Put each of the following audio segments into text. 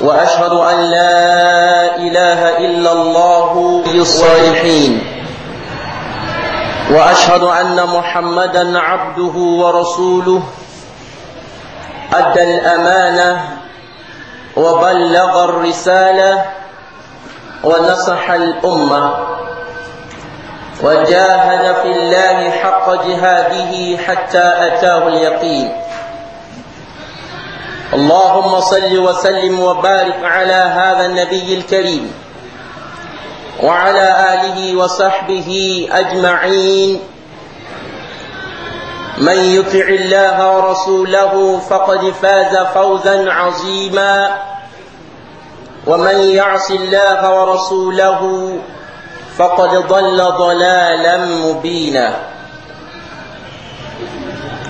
وأشهد أن لا إله إلا الله للصالحين وأشهد أن محمدا عبده ورسوله أدى الأمانة وبلغ الرسالة ونصح الأمة وجاهد في الله حق جهاده حتى أتاه اليقين اللهم صل وسلم وبارك على هذا النبي الكريم وعلى آله وصحبه أجمعين من يطع الله ورسوله فقد فاز فوزا عظيما ومن يعص الله ورسوله فقد ضل ضلالا مبينا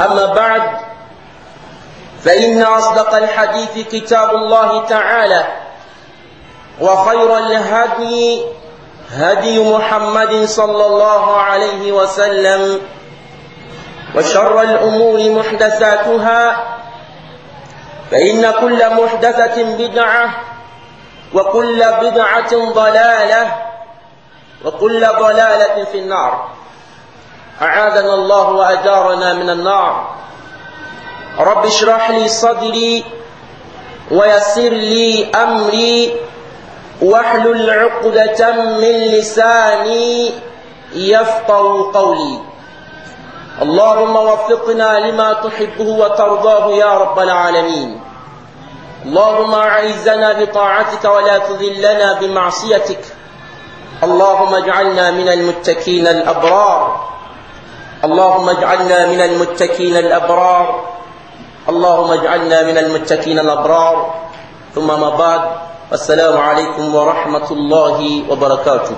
أما بعد فإن أصدق الحديث كتاب الله تعالى وخير الهدي هدي محمد صلى الله عليه وسلم وشر الأمور محدثاتها فإن كل محدثة بدعة وكل بدعة ضلالة وكل ضلالة في النار أعاذنا الله وأجارنا من النار رب اشرح لي صدري ويسر لي أمري واحلل عقدة من لساني يفقه قولي اللهم وفقنا لما تحبه وترضاه يا رب العالمين اللهم أعزنا بطاعتك ولا تذلنا بمعصيتك اللهم اجعلنا من المتكين الأبرار اللهم اجعلنا من المتكين الأبرار اللهم اجعلنا من المتكين الأبرار ثم ما بعد السلام عليكم ورحمة الله وبركاته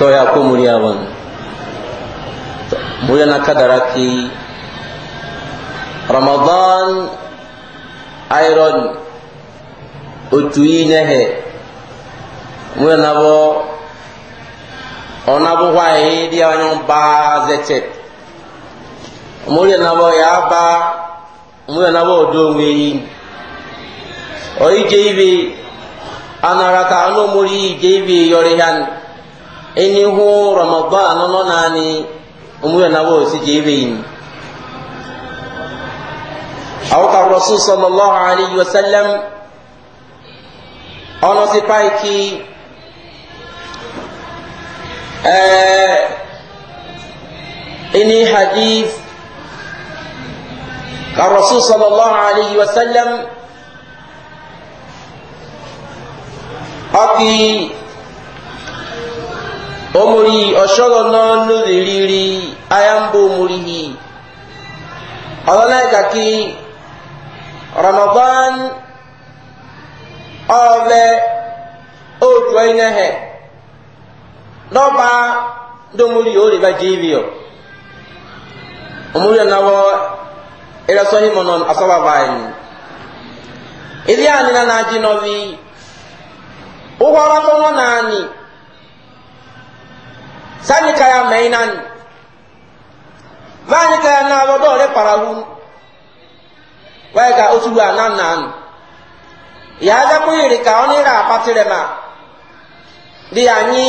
toya ko muriya wani muriya na kadara ki ramadan iron otu yi nehe mwe nabo onabo hwaye dia wanyon ba zete mwe nabo ya ba mwe nabo yi oyi jeibi anarata anu muri jeibi yori han eni hu ramadan no nani mwe nabo si yi. jeibi awka rasul sallallahu alaihi wasallam ono sipai ki ɛɛ eh, ini hadith ka rasul sallallahu alayhi wa sallam ɔki omori ɔsɔgɔ nɔɔnu liriri ayambo omorihi ɔlɔlɛ kaki ramadan ɔvɛ otu ɛyinɛ hɛ dɔba domuri o riba jibiyo umuri na wo ira sohi monon asaba bayin ili ani na naji novi ugora kono nani sani kaya mainani vani kaya na wo dole parahun waga otubu anan nan ya ga kuyiri ka onira apatirema di anyi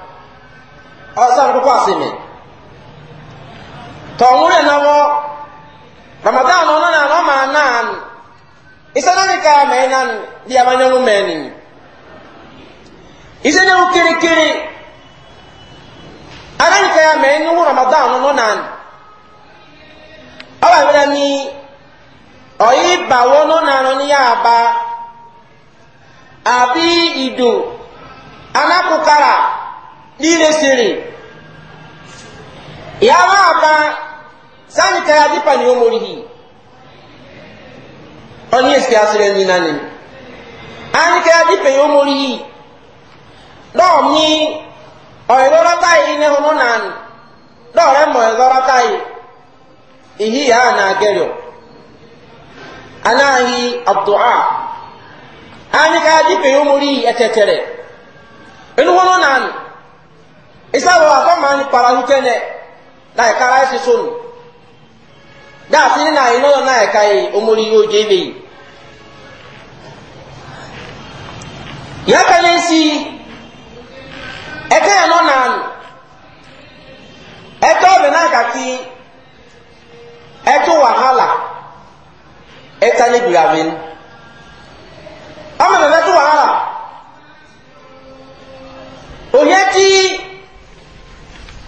ọ̀sán kókó àsìmì tọ̀hún na náwọ́ ramadan ọ̀nà na lọ́ máa na iṣẹ́ náà nìka mẹ́rin náà di amányọ́nú mẹ́rin iṣẹ́ náà kirikiri ara nìka mẹ́rin níwó ramadan ọ̀nà náà ọ̀wà ìbílẹ̀ ni ọ̀yí ìbàwọ́ na lọ ní yàrá àbí ido anákùkárà. diire sere yaba ba sani kaya dipa ni omori hi ɔni esike asere ni nani ani kaya dipa ni omori hi dɔɔ mi ɔyɔrɔ ta yi ne hono nan dɔɔ rɛ mɔ ɔyɔrɔ e ta yi ihi ya na gɛrɛ anahi abdu'a ani kaya dipa ni omori hi ɛtɛtɛrɛ enu hono nan isawo afama ni parahu kene da e kara esi sonu da sini na ino na e kai omori yo je be ya kale si e ka no na anu e to na kati e to wahala e ta ni biravin ama na to wahala oye ti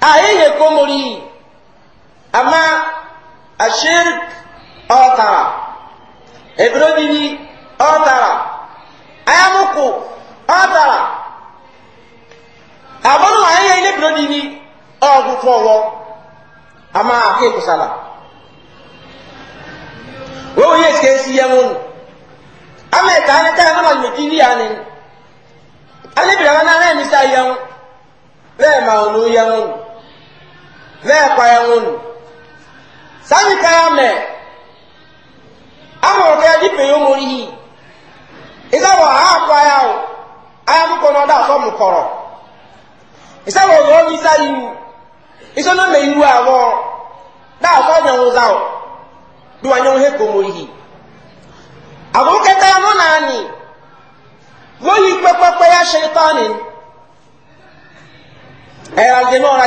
ayeye komori ama ashirk ọtara ebirobiri ọtara ayamuku ọtara abọnu ayeye ile ebirobiri ọgụtụ ọwọ ama aka esi ama ẹ̀ka ẹni ká lẹ́ẹ̀kọ́ ẹ̀wọ̀n nù sani kaya mɛ ama ɔkɛ adi pe yomo ri yi isawo aha akɔ aya o aya koko na ɔda atɔ mu kɔrɔ isawo ɔyɔ ɔbi sa iwu isɔ na mɛ iwu awɔ da atɔ nyɛwo za o do wa he yi kɛtɛ mo naani kpɛkpɛkpɛ ya se tɔni ɛyɛ adi na ɔra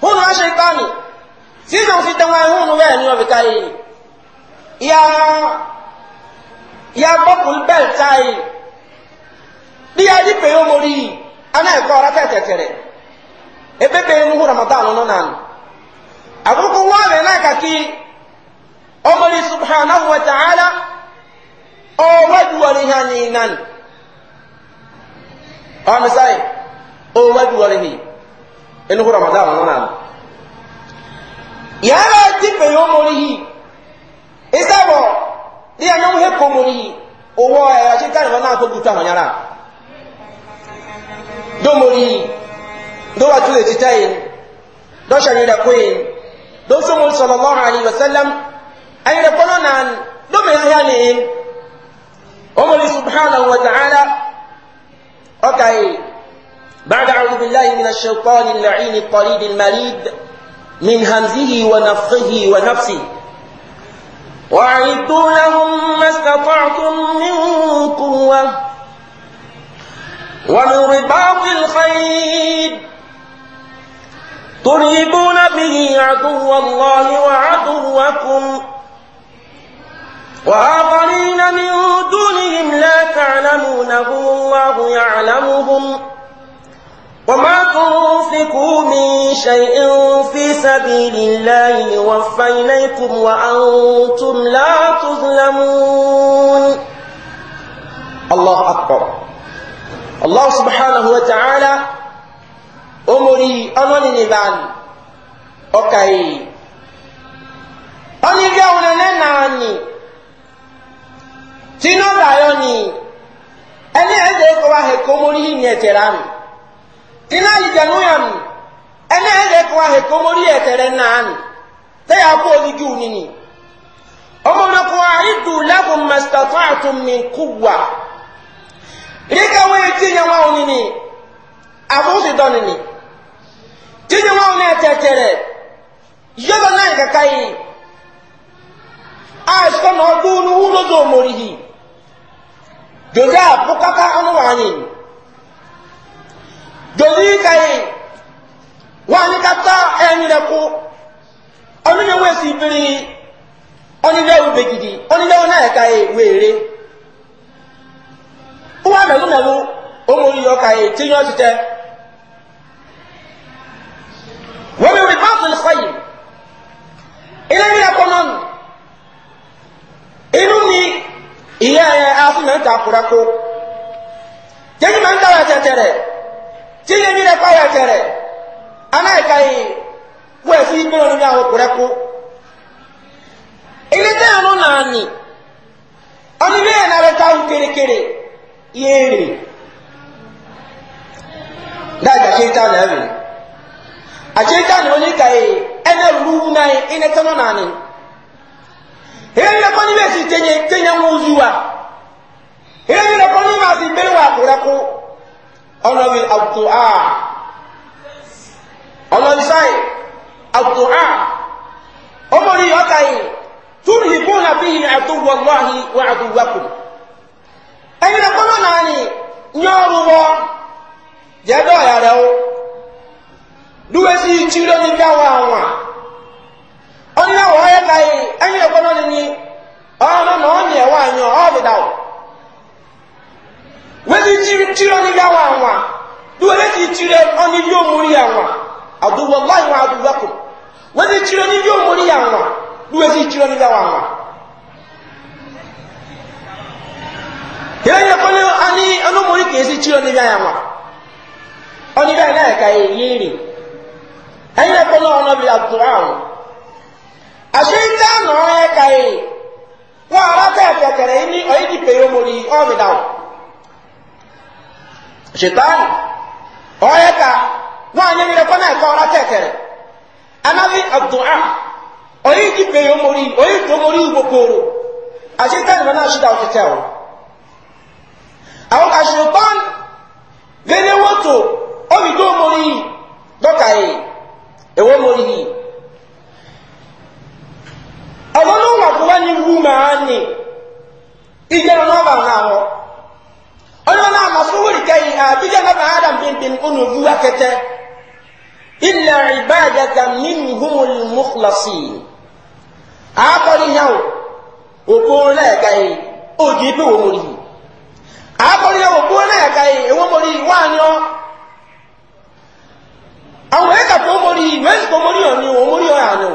hunu a shaitani sisan si tɛŋa hunu bɛ ni o bi ka ye yaa yaa bɔkul bɛl ta ye bi yaa di peyo mori ana ye kɔra tɛ tɛtɛrɛ e bɛ bɛ nuhu ramadan nɔnɔ naani a ko ko n'a ka ki ɔmɔri subhanahu wa ta'ala ɔwɔ duwari hɛ ni naani ɔmisa ye ɔwɔ duwari hɛ ɛnu ko ramadan ŋun na yàrá ti pè yóò mori yìí ìsàbọ ní ẹnu he kò mori yìí owó ẹ̀rọ ṣe káyọ̀ náà tó dùtà hàn yàrá dó mori yìí dó wà tó lè ti tẹ́ yìí dó ṣàyẹ̀ rẹ̀ kó yìí dó sọmọ sọlọ lọ́rọ̀ àyè wẹ̀sẹ̀lẹ̀m ẹ̀yẹ̀ rẹ̀ kọ́nà náà dó mi hàn yà nìyí ọmọ ní wa ta'ala ọkà yìí. بعد أعوذ بالله من الشيطان اللعين الطريد المريد من همزه ونفخه ونفسه وأعدوا لهم ما استطعتم من قوة ومن رباط الخير ترهبون به عدو الله وعدوكم وآخرين من دونهم لا تعلمونه الله يعلمهم وما تنفقوا من شيء في سبيل الله يوفى إليكم وأنتم لا تظلمون الله أكبر الله سبحانه وتعالى أمري أنني نبان أوكي أني جاونا نناني تنو دايوني أني أجيكوا هكو كموري نيتراني tina alijanu ya nu ɛnɛ ɛyɛ kɔ ahɛ kɔmɔri yɛ tɛrɛ naani tɛ yà kó omi ju nini ɔmɔmɔ kɔ ayi du labu masitatu atumi kuwa rika wo eti nya wa nini abusi ɛtɛtɛrɛ kaka yi a na ɔdu ni do yi dodo a ɔnu wa doni kai wani kata ẹni lẹku ọdún yẹn wẹsì ibiri ọnilẹwu begidi ọnilẹwu náà ẹka wee wéere wọn nàlú nàlú ọmọlú yọ ka yẹ tí yọ títẹ wọn bí wọn bá tó lè fọyì ilé mi ẹkọ ni tiri mi lɛ kɔ yɛ ana yi ka yi wo efi gbɛɛ olu mi awo kurɛ ko ili tɛ yanu naani ɔni mi yɛ na bɛ taa wu kerekere yeere da ja kiri ta lɛ mi a ta ni oni ka yi ɛnɛ lu na yi ina tɛ nɔ naani eyi lɛ kɔ ni bɛ si tenye tɛnyɛ ŋu zuwa eyi lɛ kɔ ni ma si gbɛɛ wa kurɛ ko ọlọ́wìn àtùá ọlọ́wìn sáì àtùá ọmọdé yọ ọ́ta yìí túrù ìbò náà fi hìn àtúwọ̀ lọ́hìn wọ́n àtúwọ̀kù ẹni ẹ̀kọ́nà náà ni nyọ́ọ̀rù wọ́ jẹ́dọ̀ ọ̀yà rẹ̀ o dúwẹ́ sí ìtì lónìí bí àwọn àwọn ọ̀nà wọ́ọ́yẹ́ta yìí ẹni ẹ̀kọ́nà ni ọ̀nà náà ọ̀nà ẹ̀wọ̀ àyàn ọ̀ọ́dẹ̀dà o. wezi tiri tiri ɔni bi nwa anwa do wezi ti tiri bi omori anwa aduwɔlayi wa aduwɔko wezi tiri ɔni bi omori ya nwa wezi tiri ɔni bi nwa anwa. yẹn nyɛ kɔni ani ɔnomori kesi tiri ɔni bi anwa ɔni bi anwa yɛ ka yɛ yiri ɛyin nyɛ kɔni ɔnɔ bi atura o aseita na ɔyɛ ka yɛ ni omori ɔbi o. shetani oya ka nwaanyị niile na ekọra kekere anaghị abdua onye jibe ya omori onye ji omori igbo koro ashetani ma na-achị da ọchịchị ahụ ahụ ka shetan lele woto obido omori dọkaghị ewe omori ọzọ n'ụwa bụ nwaanyị wu ma anyị ijere n'ọba na ahụ abija na ba adam pimpin unu vuwa kete illa ibadaka minhumul mukhlasin akɔli nyawo okun lɛ ka ye odi pe wo mori akɔli nyawo okun lɛ ka ye ewo mori wanyɔ awo eka to mori wɛsi ko mori yɔ ni o mori yɔ yanyɔ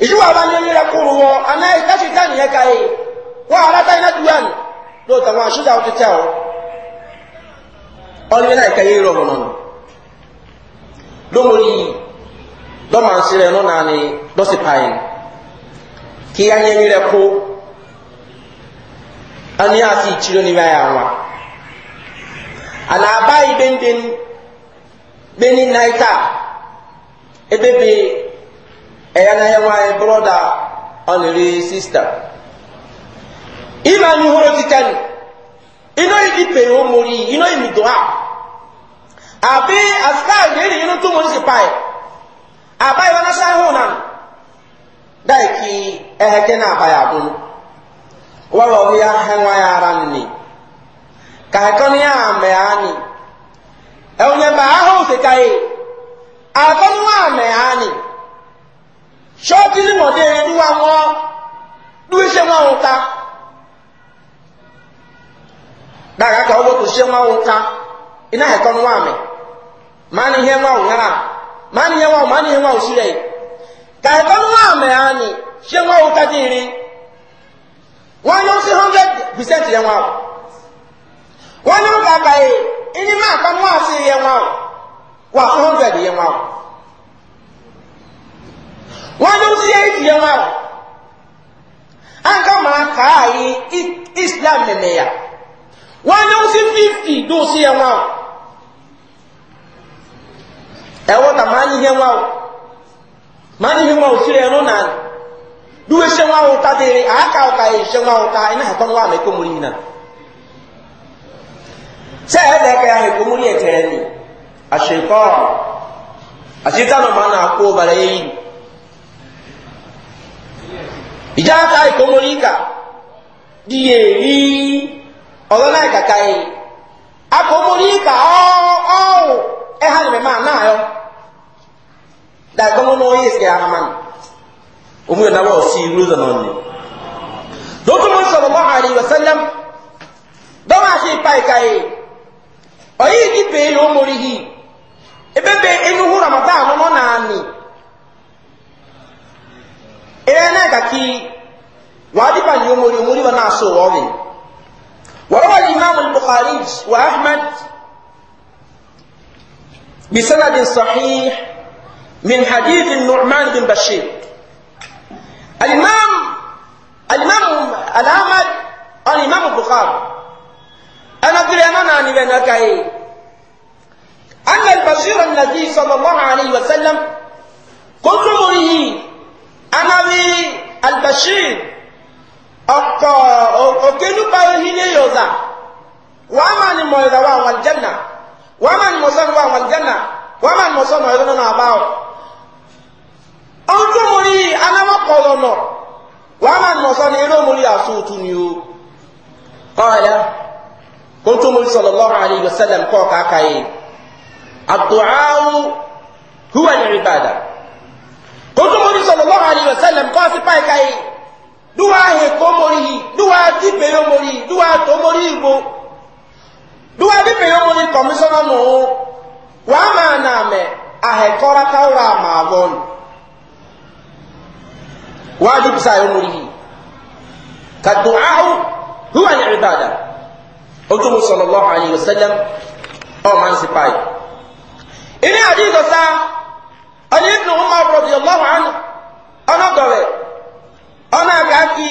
ìṣúwà bá ní onílẹ̀ kúrú wọn anáyí káṣí tá nìyẹn ka ye wọn aláta iná dúró àná lóòótọ́ wọn àṣìṣe àwọn tètè ọ ọlọ́yẹ náà ẹ̀ka yẹ́ rọ̀mù nọ lómori lọ́mànsí rẹ̀ nọ nàní lọ́sípàáyé kí anyẹ́ni rẹ̀ kó ani ase ikyiri ni bɛyɛ awa anaaba yi benden beni naita ebebe ɛyɛ n'ahɛwa yɛ broda ɔnere sista ima ni horo iná yìí pè é ọmọ yìí iná yìí mi dùn á àbí àfikáàrì lè rí inú tó mọ̀ ní sí páì àbá ìwọ náà ṣáà hùn dáì kí ẹ̀hẹ́kẹ́ náà bá yà dùn wọ́n lọ bí ahẹ́wọ́n ya ara nìyí kàkọ́ ní àmẹ́ àní ẹ̀wọ̀n yẹn bá ahọ́n òkèkà yìí àkọ́nú àmẹ́ àní ṣọ́ọ́tì ní wọ́n dé ẹni dúwà wọn dúwìṣẹ́ wọn ò ta. daga ka ọgbọ kụsie nwa nka ị naghị ekọ nwa amị e, ma na ihe nwa ụnyara ma na ihe nwa ma na ihe nwa usire ka ekọ nwa amị anyị sie nwa nka dị iri nwanne m si percent ya nwa ahụ nwanne m ka aka ya ịnye m aka nwa asị ya nwa ahụ kwa hundred ya nwa ahụ nwanne m si ya iji ya nwa ahụ aka ma ka anyị islam meme ya wọ́n yẹ́ sí fífì dùn sí ẹ̀wọ̀n o ẹ̀wọ̀n nà máa ń yẹ wọn o máa ń yẹ wọn o sí ẹ̀rọ náà dúró ṣe wọn o ta dèrè àáka ọ̀ka yìí ṣe wọn o ta iná ẹ̀kọ́ wọn àmì kò mú yìí náà sẹ́ ẹ̀ dẹ́kẹ́ àmì kò mú yìí ẹ̀tẹ̀ ẹ̀ ni àṣekọ́ àṣetánù máa nà kó balẹ̀ yìí ìjà ká ìkómọ́lì kà díẹ̀ yìí. ọ̀rọ̀ náà kàkà yìí akụ kà ọ̀ọ́ ẹ̀hà ni mẹ́mà náà yọ dàgbọ́n náà yẹ sẹ́yà hàmà ni òun yẹn náà sí irú ẹ̀dọ̀ náà ni. lótú mú sọ̀rọ̀ mọ́ àrẹ ìwẹ̀ sẹ́lẹ̀m dọ́wọ́ àṣẹ ìpa ìka yìí ọ̀yẹ́ ìdí bèè yóò mórí yìí ebe bèè inú hu ramata àwọn náà ni náà kàkí wàá dìbà وروى الإمام البخاري وأحمد بسند صحيح من حديث النعمان بن بشير الإمام الإمام الأحمد الإمام البخاري أنا أدري أنا أنا أنا أن البشير النبي صلى الله عليه وسلم كل أمره أنا البشير ọkọ òkèlúpa ehínye yọ̀ọ̀dà wàá máa ní mọ̀ ìdàwọ̀ àwọn àlìjẹ́nà wàá máa ní mọ̀sán ìwọ̀ àwọn àlìjẹ́nà wàá máa ní mọ̀sán ìwọ̀ ìdàwọ̀ àbá ọ̀ ọ̀n tó mo rí anáwọ̀kọ̀ lọ́nà wàá máa ní mọ̀sán ní eré omori àṣọ òtún ni o kọ́ọ̀lá kó tó mo rí sọ̀lọ́lọ́ àlẹ́ ìgbésẹ̀lẹ̀ kọ́ káka yìí àdùáwù húwà ní ìbàdàn kó tó mo rí sọ̀lọ́lọ́ àlẹ́ ìgbésẹ̀lẹ̀ kọ́ sí páìka yìí duwa heko mori duwa dibe yo mori duwa to mori igbo duwa dibe yo mori kọmishọna nụ wa ma na ame ahekọrata ma wa dipisa yo mori ka duahu huwa ni ibada otu mu sallallahu alaihi wasallam o man sipai sa ani ana ọmọ ẹ̀ka kí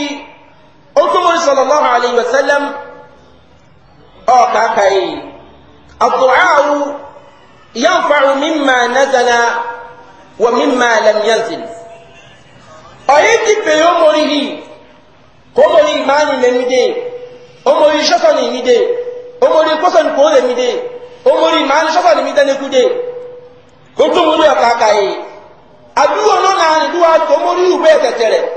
otumori sọlọ́lọ́hùn àlẹ́yìn wẹ̀sẹ́lẹ́m ọ̀ọ́ka kàyé àdùáwù yànfàrù mímà nàzàlà wà mímà lẹ́mìyànzìn ọ̀yẹ́ ti pèyè ọmọrí yìí kò ọmọrí ìmáàlì lẹ́nu dé ọmọrí sọ́tọ̀nì mi dé ọmọrí kọ́sọ̀nì kò lẹ́mi dé ọmọrí ìmáàlì sọ́tọ̀nì mi dẹ́nu kú dé otumori ọ̀ka kàyé àdúgbò náà nà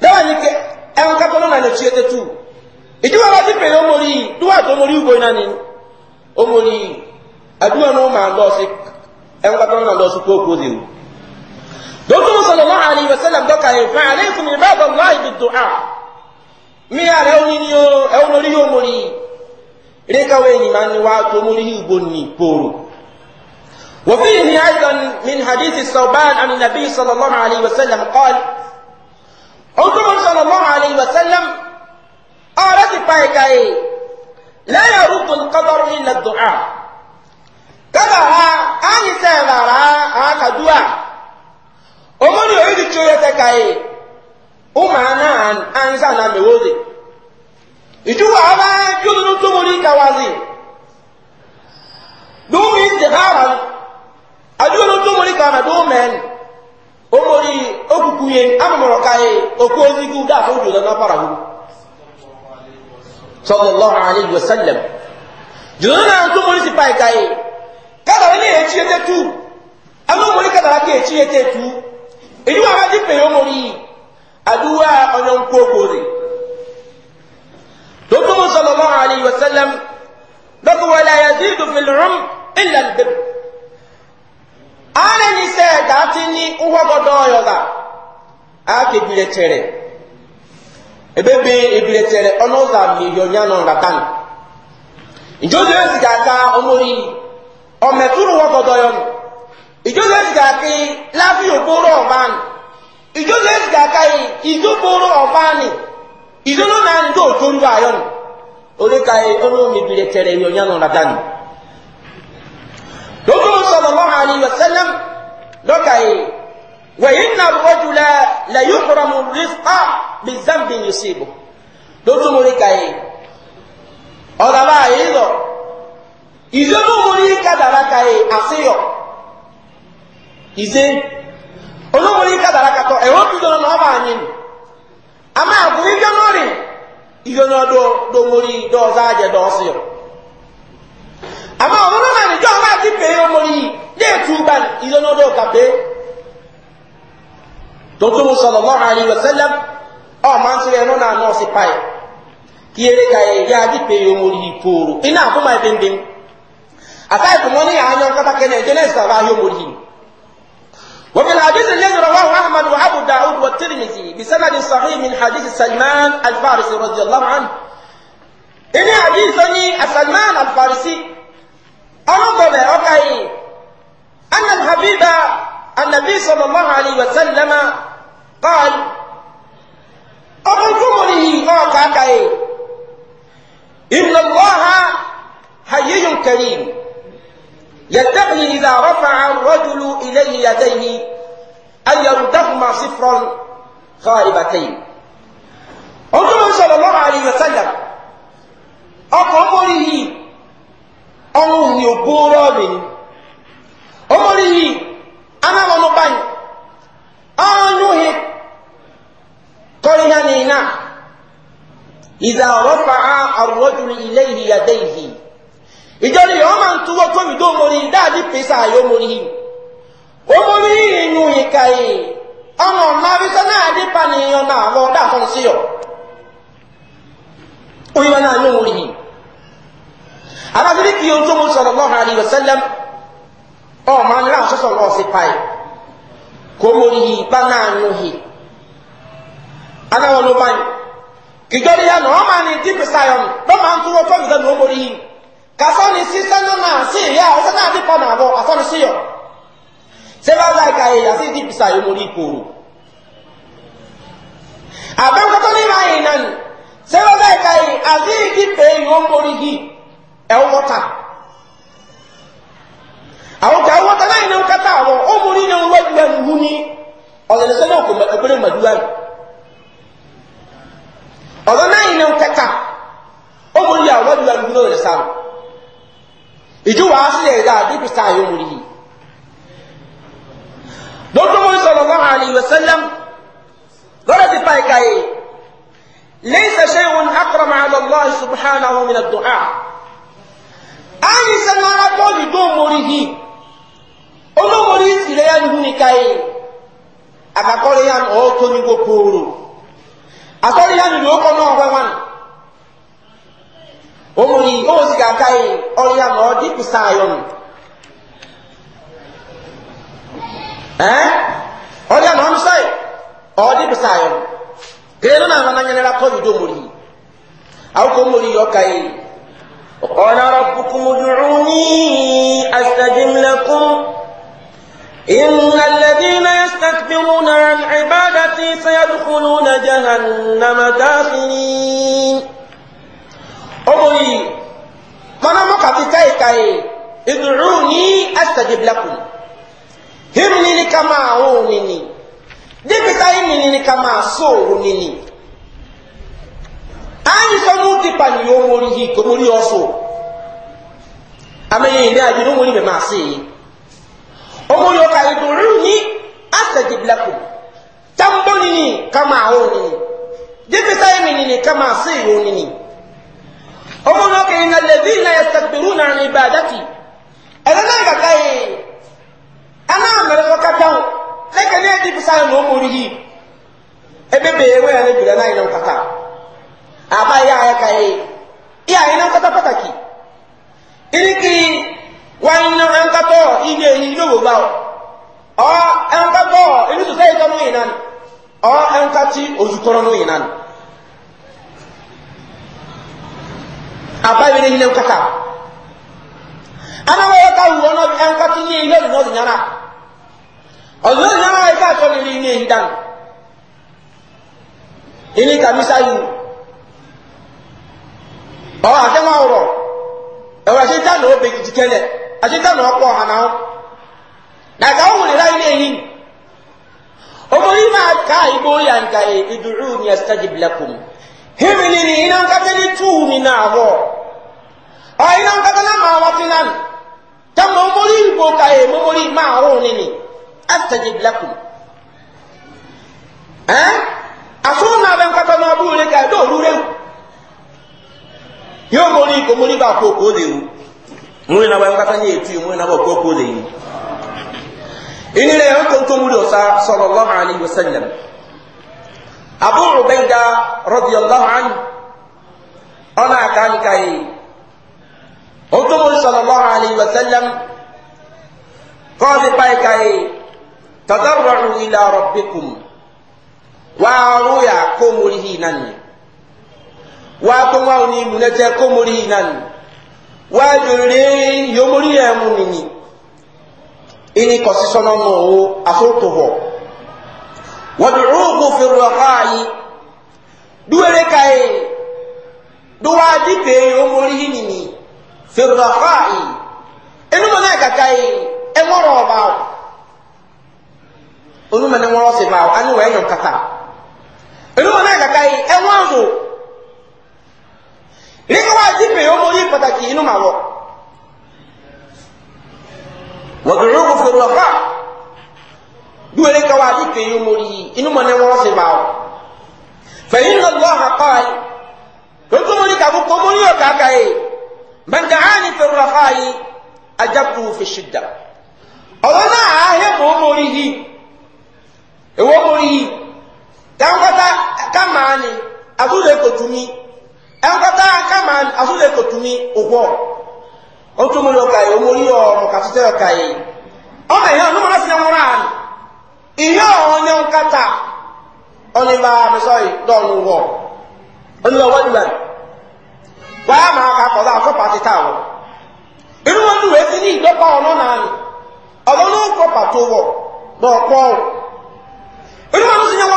dáwà ní kẹ ẹwọn ká tọ́lọ́ náà lè tiẹ́ tẹ́tù ìdíwọ́ bá ti pèlè ọmọ yìí dúwà tó mọ yìí gbóyìn náà ni ọmọ yìí àdúrà náà máa lọ sí ẹwọn ká tọ́lọ́ náà lọ sí kókó dè o. dókítà sọlọ́lá àlè ìwẹ̀sẹ̀lẹ̀ dọ́kà yẹn fún àlẹ́ ìfún mi bá bọ̀ láì bi dùn á mi àrẹ òní ni ó ẹwọn ọmọ yìí rékàwé yìí máa ń wá tó mọ yìí gbó ní ìpòrò. وفيه أيضا من حديث الثوبان عن النبي صلى الله عليه وسلم قال ọdún sallallahu alayhi wa sallam ọ̀rẹ́ ti pa ìka yìí lẹ́yìn rúdù kọ́bọ̀rù ilẹ̀ dùnà kábà ha áyì sẹ́ẹ̀rà rà á kàdúà òmùnì òyìnbí tí ó yẹ tẹ́ka yìí ọmọ náà à ń sànà mẹ́wọ́dì ìjúwà ọba yóò tó mú ní kawazì dùnmí ìsìnkárà àdúrà tó mú ní kawazì dùnmẹ́ni òmùnì kuye amamoro kaye oku ozigu da fo jo na para hu sallallahu alaihi wasallam jona to mori si pai kaye kada ni e chi ete tu amu mori kada ki e chi ete tu edu wa ji pe yo mori aduwa onyo nku ogozi to to sallallahu alaihi wasallam dako wala yazidu fil um illa al bir ala ni se da ti ni uwa godo yo da ake gbire tere ebebe egbire tere ɔnɔza miyɔ nyanu ladan ìjọba yóò sigi aka ɔmori ɔmɛturu wɔgɔdɔ yɔn ìjọba yóò sigi ake láfi òbóró ɔban ìjọba yóò sigi aka yi ìjọbóró ɔbani ìjọba náà ń dó òtóńdó ayɔn oríka yi ɔlọ́wọ́ mi gbire tere yɔ nyanu ladan lókè sɔlɔ lọ́hàn àlè yọ sẹ́lẹ̀m lọ́kà yìí. وإن الرجل لا يحرم الرزق بذنب يصيبه lótú mo rí ka yìí ọ̀dà bá yìí lọ ìzẹ́nu mo rí kádàrá ka yìí àṣeyọ ìzẹ́ olómo rí kádàrá katọ ẹ̀wọ́n tó dọ̀nà ọba ànyìn nù àmọ́ àbúrí jọ́nà rìn ìzẹ́nu ọdọ dọ̀mọ́rí dọ̀ọ́sá jẹ dọ̀ọ́síyọ àmọ́ ọ̀dọ́ náà nìjọ́ ọba àti pèé ọmọ yìí dɔtɔmu sɔlɔlɔrɔ ali wasalam ɔ man sori ɛnu na nɔɔsi paɛ kiyere ka yɛ yɛ adi pe yɛ omori pooro ina akoma ebembem asaayi kumɔ ne yɛ anyɔ nkaba kɛnɛ ɛjɛ sɔrɔ ayɛ omori yi وفي الحديث الذي رواه أحمد وأبو داود والترمذي بسند صحيح من حديث سلمان الفارسي رضي الله عنه إن حديثني سلمان الفارسي أنظر أوكي أن الحبيب النبي صلى الله عليه وسلم قال أبنتمني أوكاكاي إن الله حي كريم يتقي إذا رفع الرجل إليه يديه أن يردهما صفرا خاربتين أنتم صلى الله عليه وسلم أقمره أنه يبورا منه أمره أنا ونبين ọ́nùhì kọ́rin ní iná ìdá ọ̀rọ̀fà àrùwọ́dùn ilé ìyàdé ìhì ìjọ ni ọmọ ń túwọ́ tó ìdó omori dáàdì pèsè àyè omori yìí omori yìí nù ìka yìí ọmọ ọmọ abisọ náà dé pàníyàn náà lọ dáàtọ̀ sí ọ oyinwa náà ní omori yìí abájọ́ ní kí ohun tó mú sọ̀rọ̀ lọ́hàn àlè ìwọ̀sẹ́lẹ̀m ọ̀ máa ń rà ń sọ̀rọ̀ ọ̀sẹ̀ komorihi banaanuhi anawolo ban ìjọba ya nà ọmọ àni dípì sayọn lọmọ àtúwọ tó na nà omorihi kasọni sísẹ náà sí ìyá ọsẹ náà dípọ nà bọ asọni síyọ sẹba láìka ìyá sí dípì sayọn omori ìkòrò àbẹ̀wòtò ní ìhà yìí nàní sẹba láìka ìyá sí dípì sayọn omori o ẹ̀wọ́ta àwọn tí àwọn tẹ́lẹ̀ ìnáwó kẹta àwọn ó mú ní ìnáwó wájú náà nìhú ní ọ̀dọ̀dẹ̀ sẹ́lẹ̀ òkú ẹgbẹ́rẹ́ màdúrà yìí ọ̀dọ̀ náà ìnáwó kẹta ó mú ní àwọn wájú náà nìhú náà sáà ìjú wàá sílẹ̀ ìdá àdébí sáà yóò mú ní yìí. dókítà wọn sọ̀rọ̀ wọn àlè ìwẹ̀sẹ̀lẹ̀m lọ́dọ̀ ti pa ìka yìí lẹ́yìn sẹ́sẹ́ ìwọn akọ̀rọ̀mọ̀ àlọ́lọ́ subhanahu min ad-du'a. àyìn sẹ́nu arábọ́ọ̀lù dóòmù orí yìí olóòwòrí ìsìlẹ̀ yá nìhun ní káyé àkàkọ́rẹ́ yá nìhun ó tó ní gbogbo oòrùn àkọ́rẹ́ yá nìhun ó kọ́ náà wẹ́ wọn. omori owó sì kàkà yìí ọrẹ yá nìhun ọdí kù sáyọ nù. ẹ ọrẹ yá nìhun sáyọ ọdí kù sáyọ nù. kéèrè náà wọn nyẹrẹ la kọ́jú dó omori àwọn kò omori yọ káyé. وقال ربكم ادعوني استجب لكم إن الذين يستكبرون عن عبادتي سيدخلون جهنم داخلين أمري من مقتي تيكاي ادعوني أستجب لكم himni ni kama ahun nini débi ka himni ni kama asooru nini ayi sọmu tipa ni yóò wọri yìí kò mo rí ọ so amẹyẹ yìí ní adi ní mo rí bẹ máa se yìí ọmọ yọ ka ìdòrú ní asẹ̀dìbìlàkù tambo nini kama ahọ́ nini jẹ́kẹ́sá mi nini kama ase ìhó nini ọmọ yọ ka ìnà lẹ́bí ìnà ẹ̀sẹ̀kpẹ̀rú nà ní ìbàdàtì ẹ̀rọ náà kàkà yìí aná mẹ́rẹ́ wọ́n kàkà wọn lẹ́kẹ̀ ní ẹ̀dí bisá yẹn lọ́mọ orí yìí ẹbẹ bẹ̀rẹ̀ wọ́n yà ní bìrẹ̀ náà ìnà kàkà àbá yà ayẹ kà yìí yà ìnà kàkà pàtàkì ìrìkì wọn ní ẹnkatọ ilé yìí ló wò bá ọ ọ ẹnkatọ ìlú sọsẹ yìí tọnu yìí nánu ọ ẹnkatí ozukọrọ nu yìí nánu abayi ni yìí kata anawo yẹ ká wù ọ náà ẹnkatí yìí yóò dùn ọdún yàrá ọdún yóò dùn yàrá yìí káàtọ ní ilé yìí dànù ilé kàmísà yìí ọ àtẹwọn ọrọ ẹwà ṣe dànù ó bẹ jìjì kẹlẹ. àṣetá nà ọkọ ọ̀hánà ó nàgà ó wùlẹ̀ láyé lẹ́yìn yìí omori máa ká ìbò yànkà ìdúró ni astajib lakum himili ni iná nkata ni túù ni náà họ ọ iná nkata náà máa wá filan tàmà omori ìbò ká ẹ mọmori máa hó ni ni astajib lakum ẹ àfọwọ́ náà bẹ nkata náà bú wọlé ká ẹ dọ́ọ̀lù rẹ yóò mọ̀rí kò mọ̀rí bá kó kó lè wù mwe na bayo kata nye tu mwe na ba ko ko de yi ini le yon kon kon mulo sa sallallahu alaihi wasallam abu ubaida radiyallahu anhu ona kan kai Otumul sallallahu alaihi wasallam qadi pai kai tadarru ila rabbikum wa ruya komuri hinani wa kuma ni munete komuri hinani wajurire yomori ya mu nini ini kɔsi sɔnɔ ŋɔ o aso to hɔ waduruhu firɔkaayi duwere kaye duwaadi pe yomori yi nini firɔkaayi enuma naa kaka ye ɛŋɔrɔ baawo onuma ne ŋɔrɔ se baawo ani wɔ ɛnyɔ kata enuma naa kaka ye ɛŋɔrɔ nínú wa ti pè é ọmọ orí pàtàkì inú màá wọ. wọ́gẹ̀rẹ́ kò fèrè ọ̀fà dúwẹ́rẹ́ káwá ti pè é ọmọ orí inú mọ̀ ní wọ́n fi bá ọ. fẹ̀yìn lọ lọ́ àkọ́ ayé tuntun mo ní kàbó kó mo ní ọ̀gá ká yé bàtà á ní fèrè ọ̀fà ayé ajáku fi ṣìdá. ọ̀rọ̀ náà á yẹ kó ọmọ orí yìí èwo ọmọ orí yìí táwọn kọ́ta ká màá ní àbúrò èkó tún ní ɛnkɔta kama asɔsɔ ekotumi ɔwɔ ɔtumuli ɔka yi ɔmoli ɔrɔ katutɛ ɔka yi ɔka yi ɔnum ɔnasi ɛnwura ani ihe ɔnyɛ nkata ɔniba misɔri dɔɔnu wɔ ɔniba wɔdiba wàá ma akɔdà akɔpa tita wɔ inú wọn dùn esi ní ìdọ́pá ọ̀nà nàní ọ̀dọ́ ní òkú pàtó wọ̀ dọ̀ọ̀pọ̀ inú wọn dùn sí nyɛ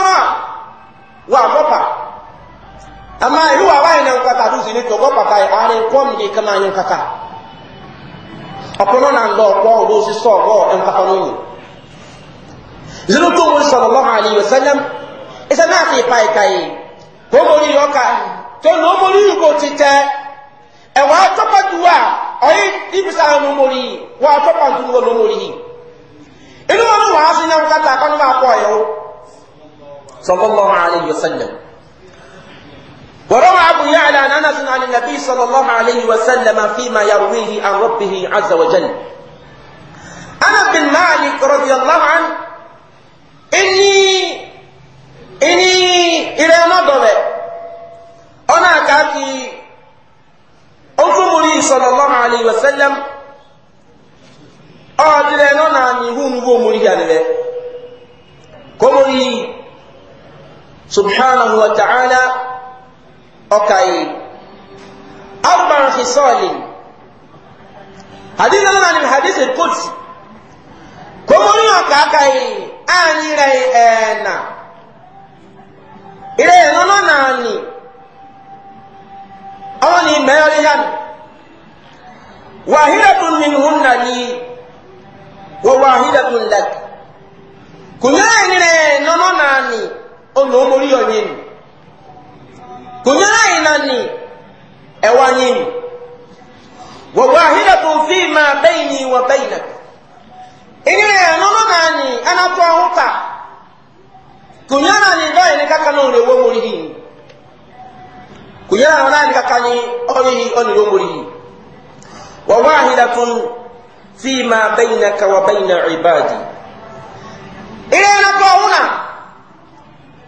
amma ilu wa wayi nan kaka du sini to go papa e are ko mi de kama yin kaka akono nan do ko do si so go en kaka no ni zinu to sallallahu alaihi wasallam isa na ti pai kai ko mo ni yo to no mo ni go ti te e wa to pa duwa oyi ibisa no mo ni wa to pa du no mo ni ilu wa no wa si nan kaka kono ba ko yo sallallahu alaihi wasallam وروى أبو يعلى عن أنس عن النبي صلى الله عليه وسلم فيما يرويه عن ربه عز وجل أنا بن مالك رضي الله عنه إني إني إلى نضب أنا كاتي لي صلى الله عليه وسلم أدري أنا نيهون ومري يعني كمري سبحانه وتعالى ọkàyè arúgbàrún fi sọ́ọ̀lì hadith náà ni hadith kut kò mú ní ọkà àkàyè ààrin rẹ̀ ẹ̀ẹ̀nà ìrẹ̀ ẹ̀nà náà ni ọwọ́ ni mẹ́rin yá mi wàhídà tún mi hùn náà ni wọ́n wàhídà tún lẹ́kì kò ní ẹ̀yìn rẹ̀ ẹ̀nà náà ni ọ̀nà ó mórí ọ̀yẹ́ ni. kunyara inani ẹwà nyini wọ wàhídà tó fi ma bẹ́yìn ni wọ bẹ́yìn nà ìnira yẹn nínú náà ni ẹnatọ ọhún ta kunyara ni báyìí ni kaka náà lè wọ́n mọ́rí yìí kunyara kaka ni ọ̀rí yìí ọ̀rí wọ́n mọ́rí yìí wọ fi máa bẹ́yìn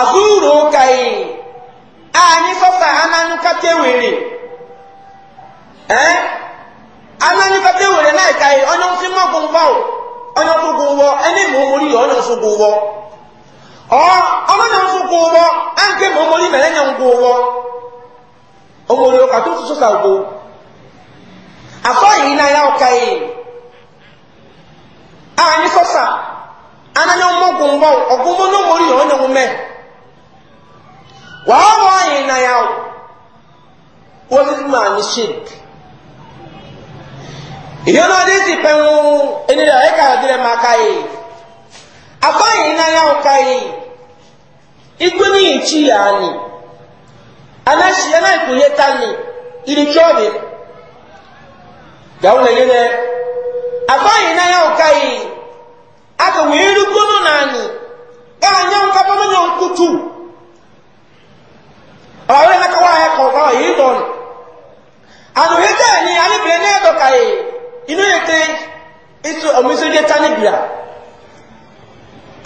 abụrụ ka a anyị sọsa ananyụkata ewere ee ananyụkata ewere na ka ị onye nsị mmọgwụ onye ọsụgwụ ụgbọ ene ma na nsụgwụ ụgbọ a nke ma mere nye ngwụ ụgbọ omori ụka tụtụ sọsa afọ na ya a anyị mmọgwụ na wàhálà ọ̀yìn anyị yà wọ́n ti àní sheik ìyẹn náà dé ti pẹ̀lú ẹni rẹ̀ ẹ̀ka máa ka yìí abáyìn náà yà wọ́n ka yìí igbó ní ìtì yà á ni aláṣẹ yẹn náà ìkúnyẹ ta ni ìdí tí yàwó lẹ́yìn rẹ̀ abáyìn náà yà wọ́n ka yìí akọ̀wé irúgbónú náà ni ẹ̀ ẹ̀ nyẹ́ wọn ọ̀rẹ́ mẹ́kọ̀ wá ẹ̀ kọ̀ọ̀kọ̀ yìí dọ̀nù àdùnhé tẹ́ẹ̀ ni alébìrẹ́ ní ẹ̀dọ̀kà yìí inú ètè ètò ọ̀mísọ́jẹ́ tánìbìà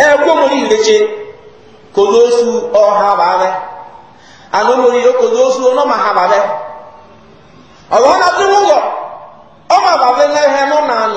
ẹ̀kọ́ mọ̀ ní ìrètí kò lóṣù ọ̀hà bà rẹ̀ àná mọ̀ ní kò lóṣù ọ̀nàmà hà bà rẹ̀ náà tún ọmọ ní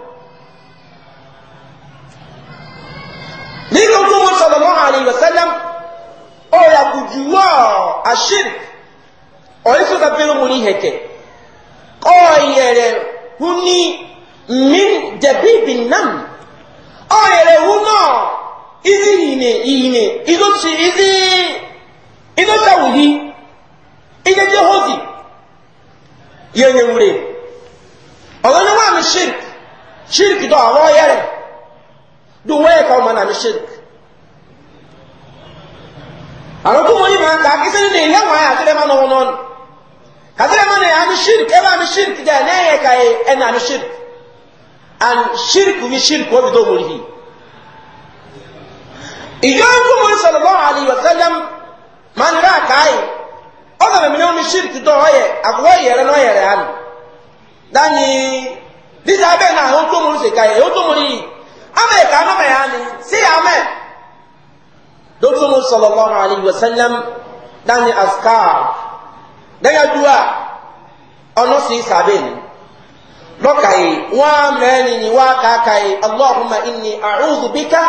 alayhi wa sallam oya kujuwa ashirik oyiso ka bero muni heke oyere huni min jabibin nam oyere huno izi ine ine izo si izi izo sawuhi izo jehozi yenye wure ọ̀rọ̀ ni wọ́n mi shirk shirk dọ̀ àwọn ọ̀yẹ́rẹ̀ dùn wọ́n yẹ ká mi shirk àròkù mọ̀ yìí máa ń ka kí sẹ́ni ní ìyá wọn àtẹ́lẹ́ máa nọwọ́ nọ́ọ̀nù kàtẹ́lẹ́ máa ní àmì shirk ẹ bá àmì shirk jẹ́ ẹ̀ náà yẹ ká yẹ ẹ̀ ní àmì shirk and shirk wí shirk wọ́n fi tó wọ́n yìí. ìjọ ọkọ mọ̀ sọ̀rọ̀ lọ́wọ́ àlè ìwọ̀sẹ́lẹ́m máa ń rà káyè ọ̀dọ̀ mi ní omi shirk tó ọ̀yẹ̀ àkọ́wọ́ ìyẹrẹ náà yẹrẹ hàn dání dídá bẹ́ẹ̀ náà ó tó mọ̀ dotunu sallallahu alaihi wasallam dani askar daga dua ono si sabin lokai wa mani ni wa kakai allahumma inni a'udhu bika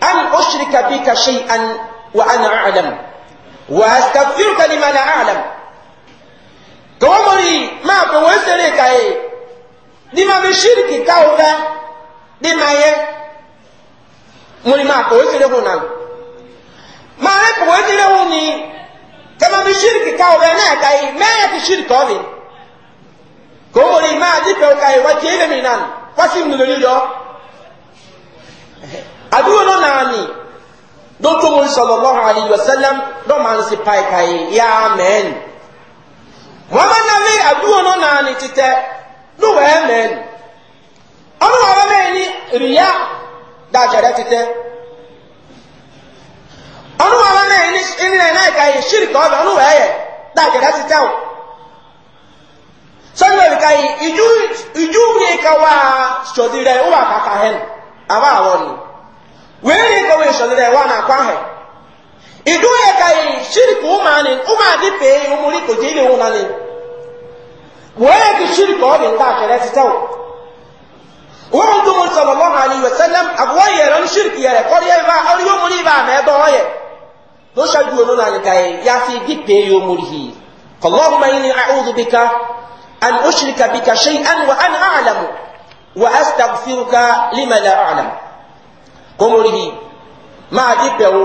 an ushrika bika shay'an wa ana a'lam wa astaghfiruka lima la a'lam kawamori ma ko wesere kai di ma bi shirki kauda di muri ma ko wesere ko maana ko wani na wuni kama bi shirki ka ora na kai me ya ti shirki ko ni ko wori ma di pe ka wa je le mi nan wasi mi lori do aduwo no na ni do to mo sallallahu alaihi wasallam do ma nsi pai kai ya amen muhammad ali aduwo no na ni tete do we amen ọlọ́wọ́ ọlọ́mọ ẹni rìyá dájọ́ títẹ́ ọ̀nù wa wọn náà ẹni náà náà ka yìí ṣírì kọ́ ọ̀bẹ ọ̀nù wa ẹ̀yẹ dáàjẹ̀ láti tẹ́ o sọ́nù ẹ̀mí ka yìí ìjú ìjú yìí ka wá rẹ̀ ó wà kàkà hẹ́n àbá àwọn ni wèé yìí ka wá sọ̀dí rẹ̀ wà nà kwá hẹ́ ìjú yìí ka yìí ṣírì kọ́ ọ̀ma ni ọ̀ma àdí pé ọmọlẹ́ kò jẹ́ ilé wọn náà ni wèé yìí ka ṣírì kọ́ ọ̀bẹ dáàjẹ̀ láti wọ́n tó mọ̀ sọ̀rọ̀ lọ́nà no shaju no na ngai ya fi gibe yo murhi Allahumma inni a'udhu bika an ushrika bika shay'an wa ana a'lamu wa astaghfiruka lima la a'lam ko murhi ma gibe o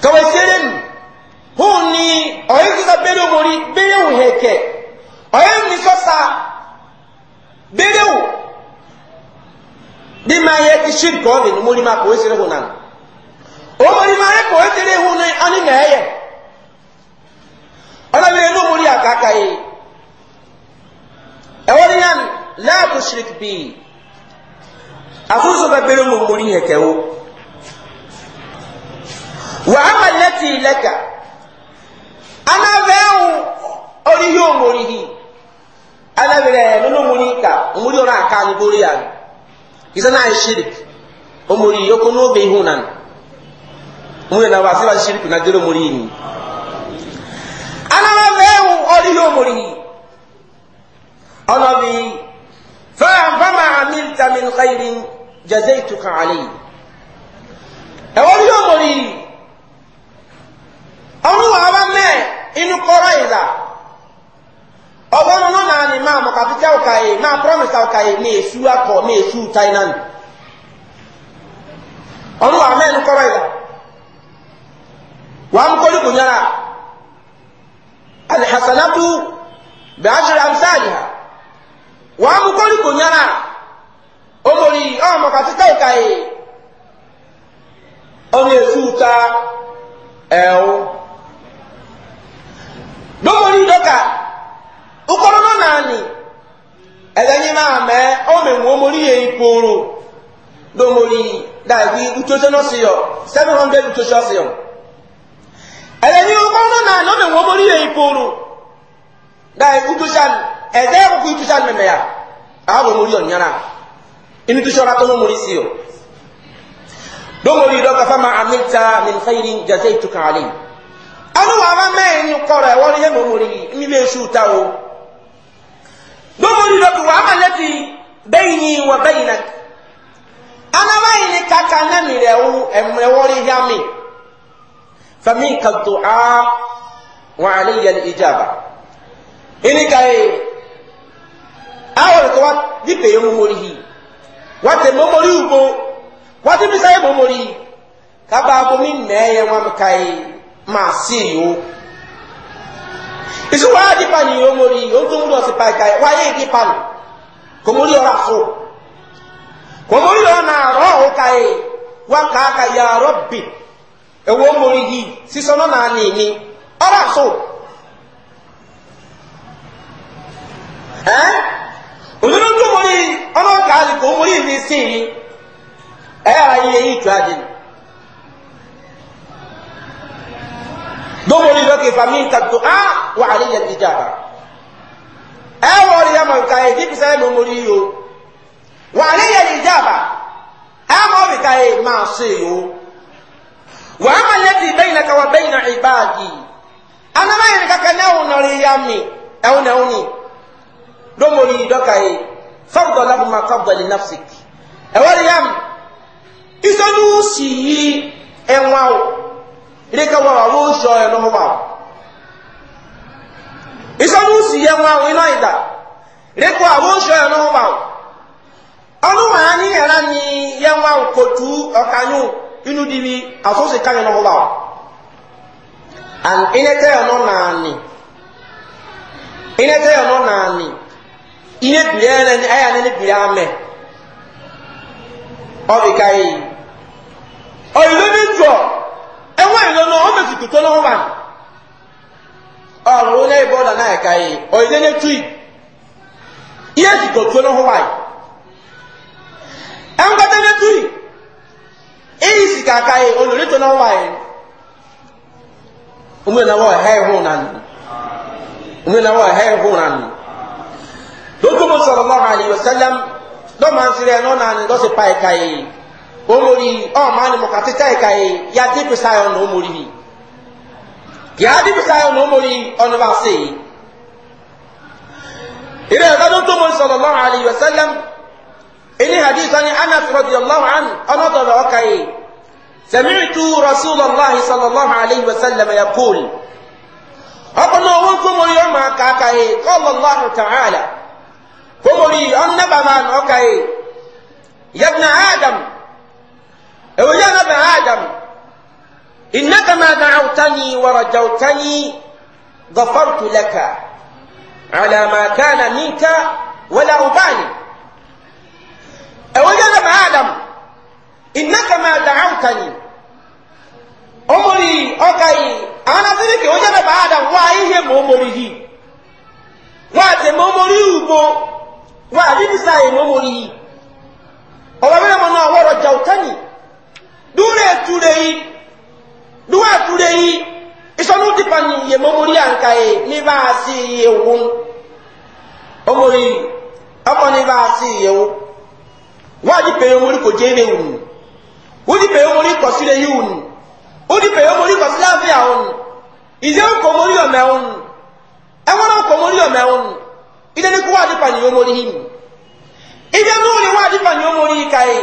kawai serem hu ni oyi ka bere mori bere wu heke oyi ni sosa bere wu bi ma ye ki shirko ni mori ma ko serem hu nan omori e ma ye ihu ni na ɛyɛ ọ na omori àkàkà yìí ɛwɔ ni yan laabu shirik bii àtúnṣe bá bẹrẹ mu omori yẹ kẹwò wà á ma lẹtì lẹka anabẹ́wò ọdí yóò ọmụrụ ihe nínú ọ̀rọ̀ mune na basi bashiriki na jero murini ana vewu oriyo murini ana bi fa fama amilta min khairin jazaituka alayhi e oriyo murini onu aba me inu koraiza ọgbọnọ nọ na ni maa mọkapita ọkaye maa promise ọkaye na esu akọ na esu tainan ọnu aba me inu koraiza وأمكن كنيرا الحسنة بعشر أمثالها وأمكن كنيرا أمري أما كاتكاي كاي أم يسوتا أو domori dɔka ukɔrɔ no naani ɛdani maa mɛ ɔmɛ ŋu omori yɛ ikpooro domori dabi utoso no si seven hundred utoso si yɔ. ẹ̀rẹ́ ní ọgbọ́n náà náà lọ́nà wọn mọ́rí èyí pòrò dáì utushan ẹ̀dẹ́ ẹ̀kọ́kọ́ utushan mẹ́mẹ́ yà àwọn mọ́rí ọ̀nyára inú tó ṣọ́ra tó o fama amíta nìfẹ́yìrì jẹ́sẹ́ ìtukà alẹ́ àwọn wàá bá mẹ́rin kọ́rọ̀ ẹ̀wọ́n ní yẹ́mọ̀ ta o dóngori dọ́gba wàá má lẹ́tì bẹ́yìn ni فمنك الدعاء وعلي الإجابة إني كاي أول توات دي يوم موريه وات موريه بو وات بيساي موريه كابا بو مين ناي وام كاي ما سيو isu waa di pani yoo mori yoo tó ń lọ pa ìka yẹ wáyé di pani kò mori yọrọ àfo kò mori yọrọ náà rọ òkà yẹ wá kàákà yà ewu mọ̀rin yìí sísọ́nà náà ní ní ọ̀rọ̀ àṣọ. ẹ́ òdúdó tó mọ̀rin ọ̀nà kò mọ̀rin ní sí i ẹ̀ ara yìí lẹ́yìn ìtura dì ní. lọ́kẹ́ fami kàtó á wà àlẹ́ yẹn jíjà bá. ẹ wọ́n rí ẹ̀mọ̀ nǹkan ẹ̀ dípẹ́ sẹ́yìn mọ̀ yìí o wà máa ṣe o. wàá ma lẹ́bi bẹ́yìn náà káwa bẹ́yìn náà ìbáàgì anamáyé ni kaka náà wọn nọrọ ya mi ẹwọn náà ni doka. yìí dọ́ka yìí fọwọ́dọ̀ lábùmá fọwọ́dọ̀ lè nàfsìk ẹwọ́n ya mi ìsọdú sì yí ẹ̀wọ̀n o ìdíkà wọn àwọn oṣù ọ̀yọ́ ló wà o ìsọdú sì yí ẹ̀wọ̀n o iná ìdá ìdíkà àwọn oṣù ọ̀yọ́ ló wà o ọdún ni yẹ̀wọ̀n o kò tú ọ̀kanyó. inu dimi asose kanye no ba and inete ono na ani inete ono na ani ine bia na ni aya ne bia me kai o ile ni ile no to to no ba ọrùn ní ìbọ̀dà náà ẹ̀ka yìí ọ̀yẹ́dẹ́ ní i ihe si dọ̀tún ní hùwà tui eyi e, e. e, sika ka ye olórí tó náà wà yẹ omi náà wà ẹhẹ ẹhún náà nù omi náà wà ẹhẹ ẹhún náà nù lótúmọ̀ sọ̀rọ̀ lọ́wọ́ àlè ọ̀sẹ́lẹ̀m lọ́mọ ànsìrẹ̀ náà nà ní lọ́sẹ̀ pa ẹ̀ka yẹ omori ọ̀ma ni mọ̀ká títà ẹ̀ka yẹ yá dé pèsè ayọ̀ nà omori bi yá dé pèsè ayọ̀ nà omori ọ̀nà bá sè é ìrẹ̀ ẹ̀ka lótúmọ̀ sọ̀rọ̀ lọ́wọ́ àlè ọ̀sẹ́lẹ̀m. إني حديث عن أنس رضي الله عنه أنا ضربك سمعت رسول الله صلى الله عليه وسلم يقول أقنا وكم اليوم كاكاي قال الله تعالى كم لي أن بمان أوكاي يا ابن آدم أو يا ابن آدم إنك ما دعوتني ورجوتني غفرت لك على ما كان منك ولا أبالي ẹ̀wọ́jẹ́ lẹ́mọ̀ adam innaka dàáwùtàní ọmọrí ọkà yìí àwọn asíríkì ọjọ́ lẹ́mọ̀ adam wa ihe ma ọmọrí yìí wà tẹ̀ mọ̀ ọmọrí ugbo wà àdínísà yìí ma ọmọrí yìí ọba mẹ́rin mọ̀ náà wọ́rọ̀ jàwùtàní dúró yi yìí dúró ètúre a wáyé pèyọ mórí kò jẹ́ ilé òun wóni pèyọ mórí kọ̀ sílẹ̀ yìí òun wóni pèyọ mórí kọ̀ sílẹ̀ àfíà òun ìdí ọkọ̀ mórí ọ̀mẹ́ òun ẹwọ́n ọkọ̀ mórí ọ̀mẹ́ òun ìdí ẹni kó wáyé pàyẹ yọ mórí yìí ìdí ẹni wọ́n ni wáyé pàyẹ yọ mórí yìí káyé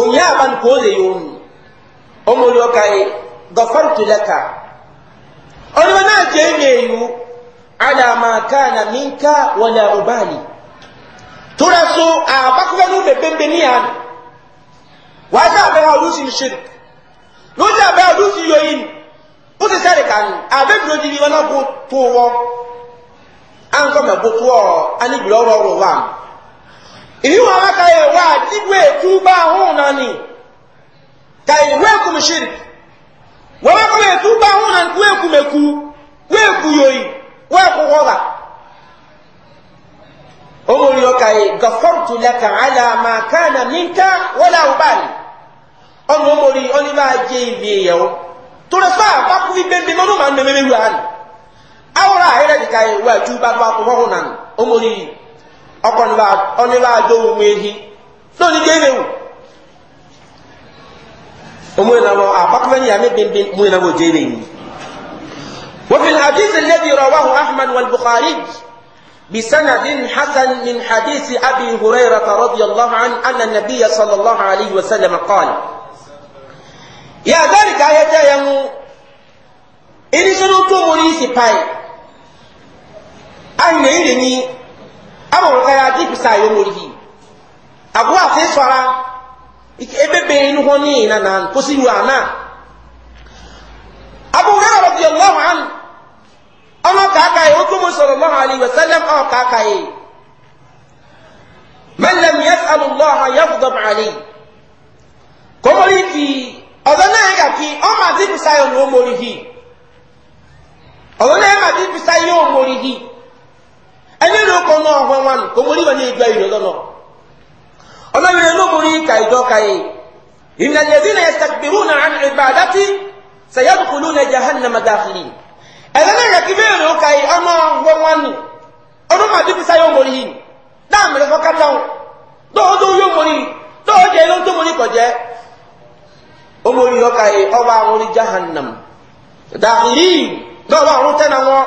ònyẹ́ àbánkò ó lè yọ òun ọmọdé ọkàyé gọfọ́rù tó lẹ́ka ọ̀nà náà jẹ́ ìmẹ̀ ìlú àdàmàkà nà mínkà wọlé ọ̀bánì tura so a bakuba nu bɛ bɛnbɛnni yan waasa a bɛ ha olu si se n'olu a ha olu si yoyin o ti sɛ kan a bɛ duro diri wana bo to wɔ an kɔmɛ bo to wɔ ani bila wɔ wɔ wa ìyí wọn a ka yɛ wa digbe ba ahun nani ka yi wɛ kum siri wɔn a kɔmɛ tuba ahun nani wɛ kumeku wɛ kuyoyi wɛ kɔkɔ la omori ọka yi gafartu laka ala ma kana minka wala ubali ọmọ omori ọniba ajé ibi yẹwò torí fún abaku ibembe mọ ọdún ma nù mẹmẹ wura ni awura ayẹlẹ dika yi wa ju ba ba kọkọ hùn nàn omori ọkọ níba ọniba adó ohun ehi lóni dé ewu omori nà wọ abaku ah, bẹni yàmi bẹnbẹ omori nà wọ dé ewu wọ́n fi hadithi lẹ́bi rọ̀wáhu ahmed wal bukhari. بسند حسن من حديث أبي هريرة رضي الله عنه أن النبي صلى الله عليه وسلم قال يا ذلك يا يمو إن سنوكو مريسي باي أن يرني أبو الغيادي بسايو مريه أبو أسيسورا ebe bẹ̀rẹ̀ hɔ ní ìnana kó sí wàhánà abu hurairah radiyallahu ọmọ kàákà yìí ojú mu sọ̀rọ̀ lọ́hàn àlè wẹ̀sẹ̀lẹ̀m ọ̀ kàákà yìí mẹlẹm yẹn alu lọ́hàn yẹn fọdọ̀ màálì kòmórì fi ọ̀dọ́ náà yẹn kàkí ọmọ àti bisá yẹn ló mórí hi ọ̀dọ́ náà yẹn àti bisá yẹn ó mórí hi ẹni ló kọ́ náà ọ̀hún wọn kòmórì wọn yẹn gba ìrọ̀lọ́ náà ọ̀dọ́ yẹn ló mórí ka ìjọ ka yìí ìnàlẹ́dínlẹ̀ yẹn sàkpẹ̀rù náà àmì ìbàdàtì sàyẹ́dùkúlù jahannama dàkìlì. ẹ̀lẹ́lẹ́ ìrẹ̀kí bẹ́ẹ̀ ló ka ọmọ wọn wọn ni ọdún máa bíbí sáyọ mọ̀rí yìí dáàmì rẹ̀ fọ́ká dáhùn dóòdó yóò mọ̀rí dóòjẹ́ ló ń tó ọkà yìí ọba àwọn orí jahannam dàkìrí lọ́wọ́ àwọn tẹ́nà wọn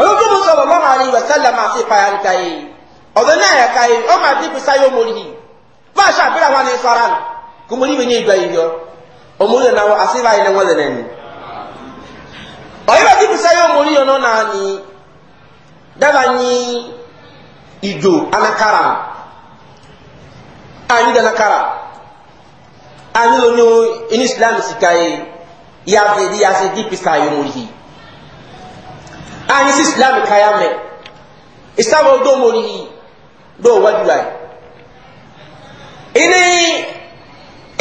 olókùnrin mú sọ̀rọ̀ lọ́wọ́ ìwẹ̀ sẹ́lẹ̀ máa payà yìí náà yìí ọmọ a ọ̀yẹ́bà tí bisá yóò mọ̀ níyànjú náà ni dábàá ní ìjò anakara anyi danakara anyi lóni inú islam sika yìí yàtọ̀ ìdí yàtọ̀ ìdí bisá yóò mọ̀ yìí anyi sí islam kaya mẹ́ islam ọdọ́ mọ̀ yìí dọ́ wájú ayé ini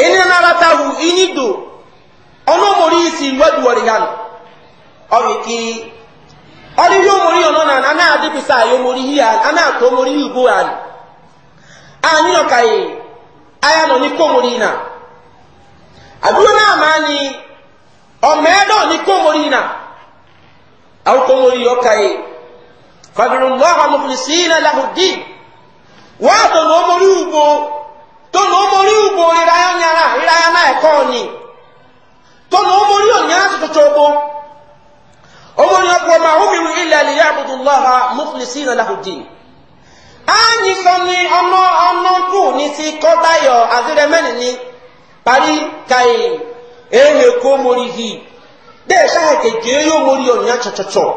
ini naratahu ini do ọ̀nà mọ̀ yìí sí wájú wọ̀rì yàrá. ọriki ọrịrị omori ọnọ na ana adịbisa anyị ihe hi ana atọ omori hi ugbu anyị anyị nọkaghị anya nọ n'ike omori na adụrụ na ama anyị ọma ebe ọ n'ike omori na akwụkwọ omori ọkaghị fadụrụ mgbe ọha mụfụlisi na di wee tọ na omori ugbo tọ na omori ugbo rịra ya na rịra ya na-ekọ ọnị tọ na omori ọnya asụtụcha ụgbọ ọmọ ní ọkọ̀ ma ọmọ ìrù ilẹ̀ alẹ́ yàbùdù lọ́ha mufilisi ìrọ̀lá òdì ányí sọ ní ọmọ ọmọ kù ní ti kọ́dáyọ̀ azírẹ́mẹ́ni ní parí kàì èhè kó mórí hì bẹ́ẹ̀ sáà kèké yóò mórí ọ̀nà tsọ̀tsọ̀tsọ̀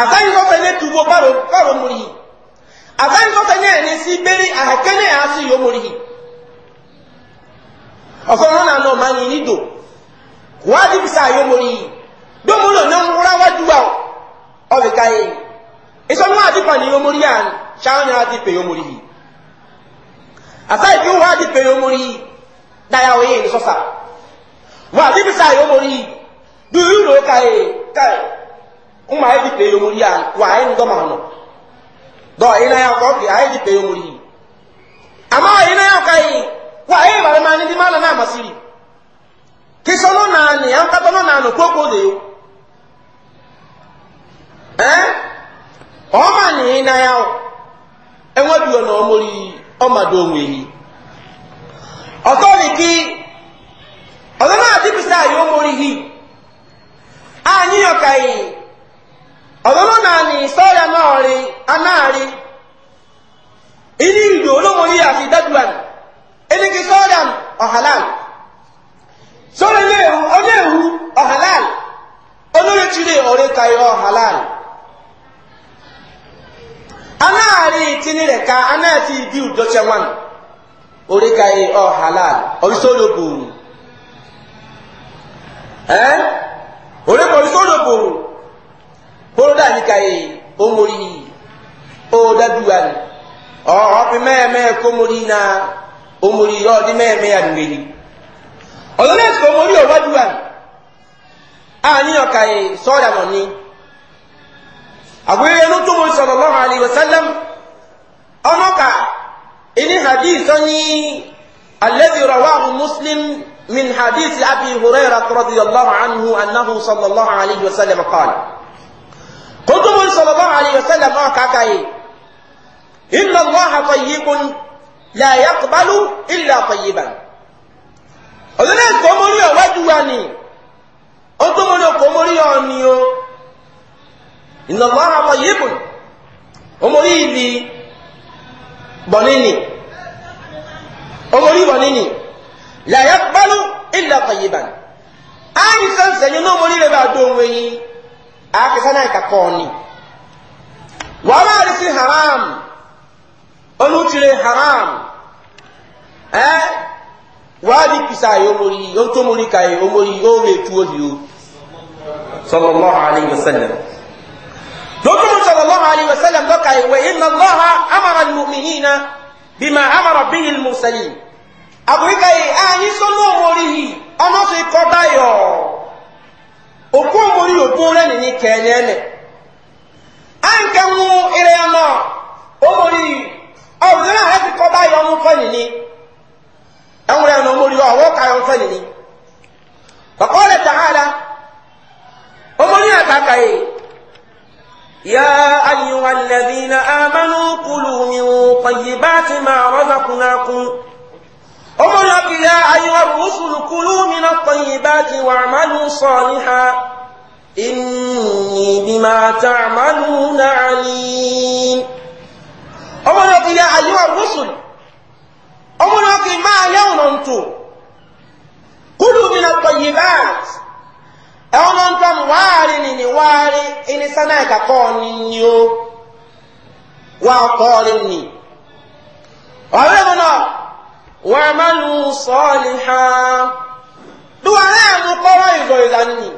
àzáyìn sọ́fẹ́ ní tuwo báwo mórí hì àzáyìn sọ́fẹ́ ní ẹni sí bẹ́rí àhẹ́kẹ́ ní yóò mórí hì ọ̀fọ̀ wọn náà nọ domuno na nwura wajuwa obi kai iso nwa adipa ni yomori ya shawo ni adipa yomori hi asai bi wa adipa yomori da ya oye ni sosa wa adipa sa yomori du yuro kai kai kuma adipa yomori ya wa ayi ndo ma no do ina ya ko bi ayi adipa yomori hi ama ina ya kai wa ayi bare ma ni di mana na masiri kisono na ni an katono na no koko de yo ọma na ị na ya enwebigo na ọmụrụ ọmado onwe yi ọtọ dị gị ọzọ na-adịbisa anyị ụmụrụ hi anyị ọkaghị ọzọ na anyị sọ ya n'ọrị anaghị ini ìdò olómọlì àti dáduan enigi sọ́ọ̀dàm ọ̀hálàl ewu anaari tini tinyere ka anaati bi u dɔtsɛ wan ori ka ye ɔ halal ɔrisoro booru ɛn eh? ori ka ɔrisoro booru koro daani ka ye omori o daduwari meeme ɔfi mɛɛmɛɛ komori na omori ɔdi mɛɛmɛɛ anuweli ɔlɔdi ɛsike omori ɔwaduwari a ni ɔka ye sɔɔda mɔni. àgbéyé ló tó mọ̀ sallallahu alayhi wa sallam ọlọ́ka ìní hadith ọ́ní alladhi rawahu muslim min hadith abi hurairah radiyallahu anhu annahu sallallahu alayhi wa sallam qala kó tó mọ̀ sallallahu alayhi wa sallam ọ̀ka káyé inna allaha tayyibun la yaqbalu illa tayyiban ọ̀dọ́lẹ́ ìkọ́mọ́rí ọ̀wájú wa ni ó tó mọ̀ ní ọ̀kọ́mọ́rí ọ̀ inna allaha tayyibun omori ibi bọ̀nínì omori bọ̀nínì la yaqbalu illa tayyiban ayi sẹ́nsẹ̀ yìí ní omori rẹ̀ bá dó òun yìí àákẹ́sẹ́ náà kà kọ́ ni wàá bá rí sí haram olùtìrẹ haram ẹ wàá di kìsà yìí omori yìí ó tó mori kà yìí omori yìí ó lè tu òhì o sọlọ́lá àlẹ́ yìí sẹ́lẹ̀ dókòmù sallallahu alayhi wa sallam dọ́ka ìwé inna Allaha amara al-mu'minina bima amara bihi al-mursalin àbúríkà yìí ààyè sọ́nù òmòrí yìí ọmọ fi kọ́ báyọ̀ òkú òmòrí òkú rẹ̀ nìyí kẹ́ẹ̀ni ẹ̀lẹ̀ à ń kẹ́wù ìrẹ́ ọmọ òmòrí ọ̀bùnrin náà rẹ̀ fi kọ́ báyọ̀ ọmọ fẹ́ nìyí ẹ̀wùrẹ́ ọ̀nà òmòrí ọ̀wọ́ káyọ̀ fẹ́ nìyí. bàkọ́ rẹ̀ tàhálà òmòrí يا أيها الذين آمنوا كلوا من طيبات ما رزقناكم أمرك يا أيها الرسل كلوا من الطيبات واعملوا صالحا إني بما تعملون عليم أمرك يا أيها الرسل أمرك ما يوننتو كلوا من الطيبات ɛwọn ntam waari nini waari ɛni sanai ka kɔɔ o waa kɔɔri nini ɔbɛn mu nɔ wɔmalu sɔɔli hàn duwara ɛnu kɔrɔ ìlò ìlànà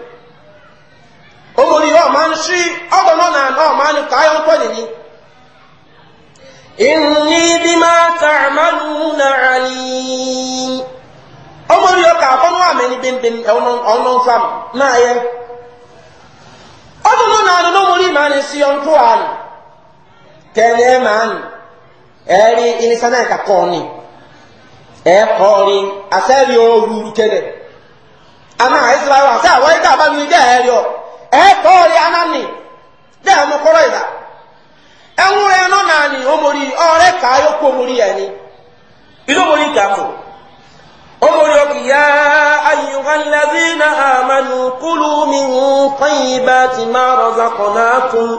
omori yɛ ɔman si ɔbɛn mu nà nà ɔman ni kaayɔ nkɔ nini inni bima ọmọ ní ọkà àbọ̀nú àmì ní bímbím ọ̀nà fam náà yẹ ọmọ náà nàánú ló múlí màá ní sí ọ̀ntú àná kẹ́ni ẹ̀ màá ní ẹ̀rí irinṣẹ́ náà kakọ́ ni ẹ̀ kọ́ ni àṣẹ́rí ooru kẹ́lẹ̀ àná àìsíra àṣẹ àwọn àbá mi ọ ni anani ìlà náà ọmọ rí ọmọ rí inú ọmọ rí أمرك يا أيها الذين آمنوا كلوا من طيبات ما رزقناكم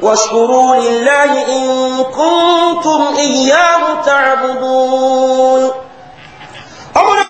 واشكروا لله إن كنتم إياه تعبدون أمرك